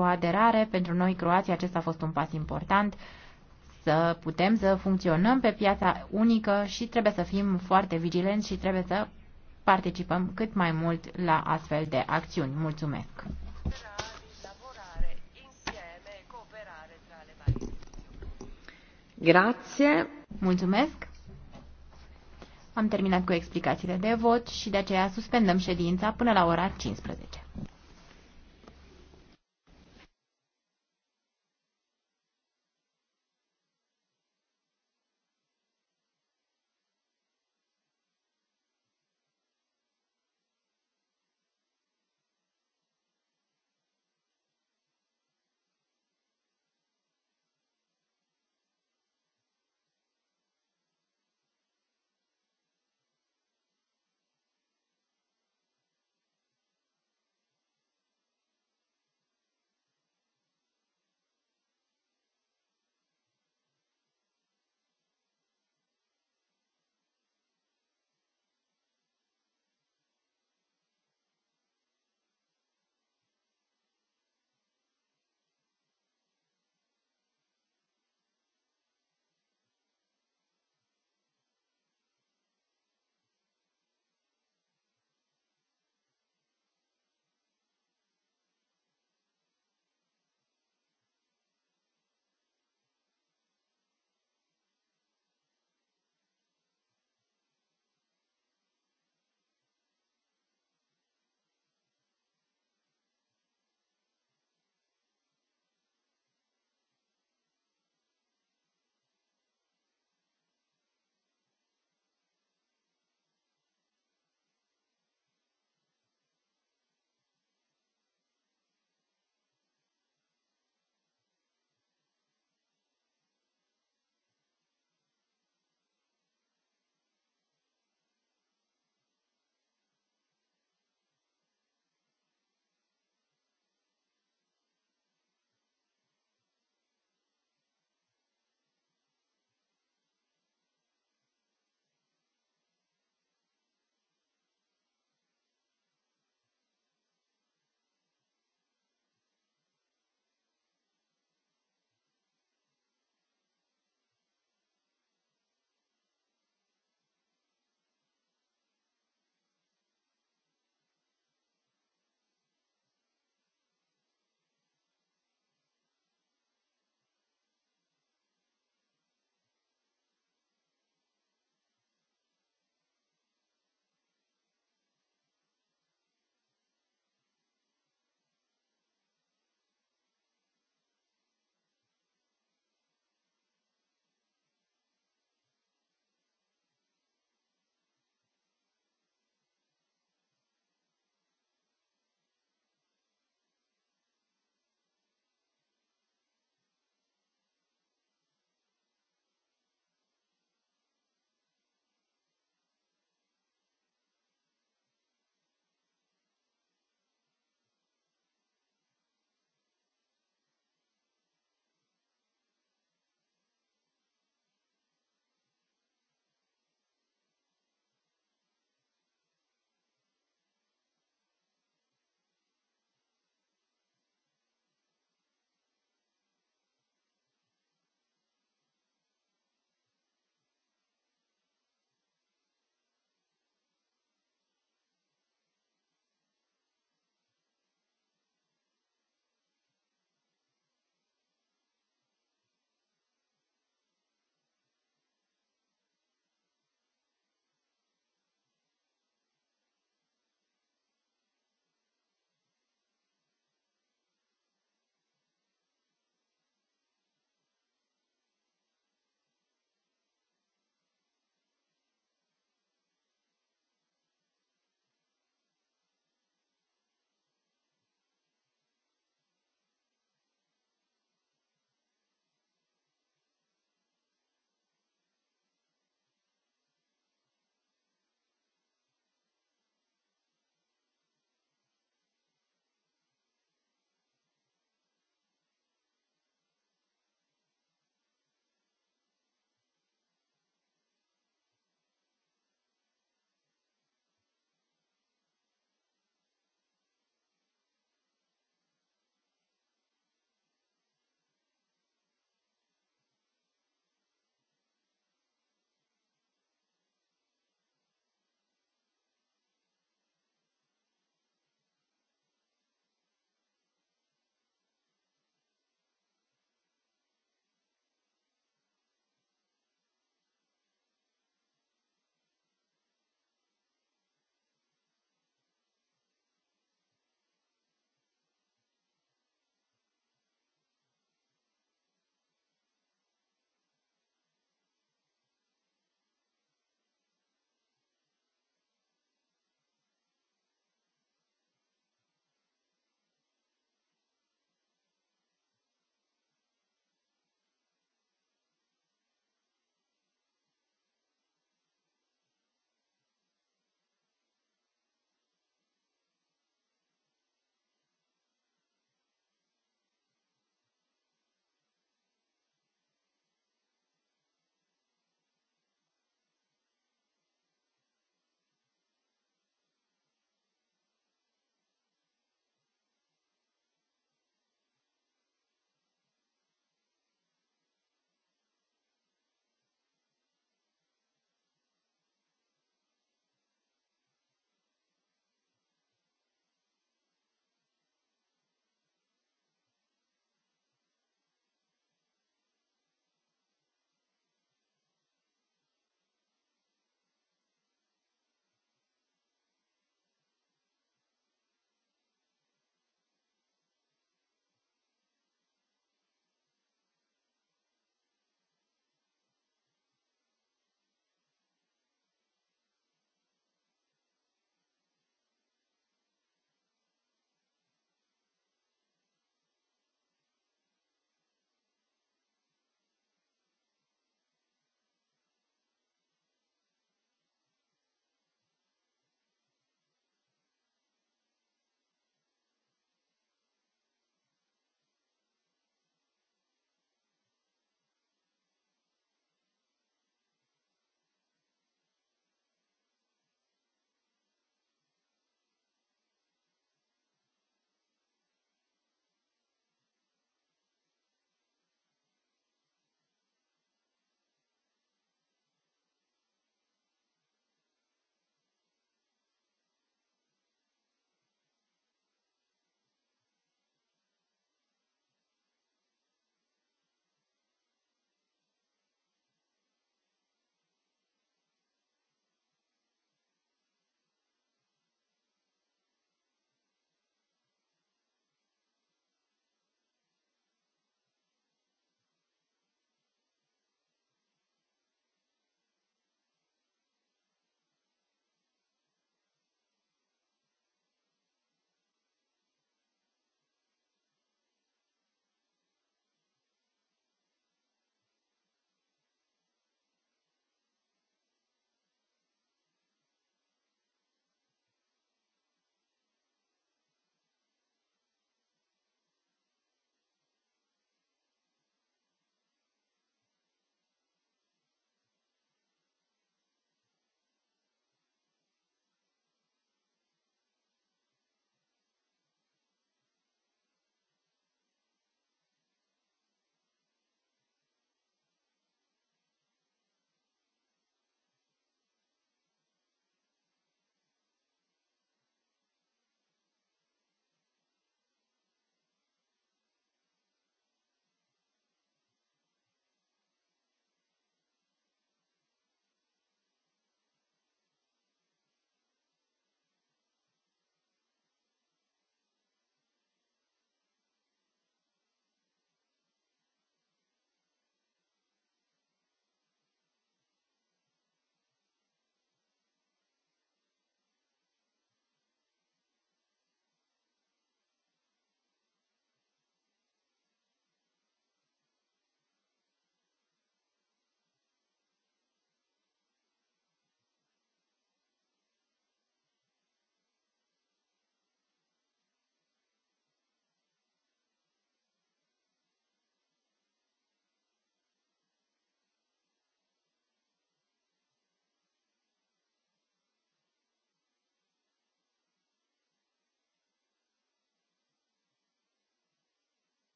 o aderare. Pentru noi, Croația, acesta a fost un pas important să putem să funcționăm pe piața unică și trebuie să fim foarte vigilenți și trebuie să participăm cât mai mult la astfel de acțiuni. Mulțumesc! Grazie. Mulțumesc! Am terminat cu explicațiile de vot și de aceea suspendăm ședința până la ora 15.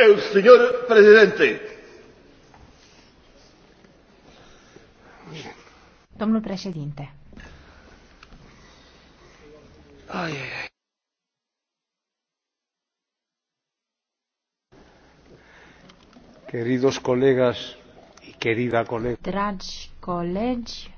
El señor presidente. Domnul președinte. Ai, ai, ai. Queridos colegas y querida colega. Dragi colegi,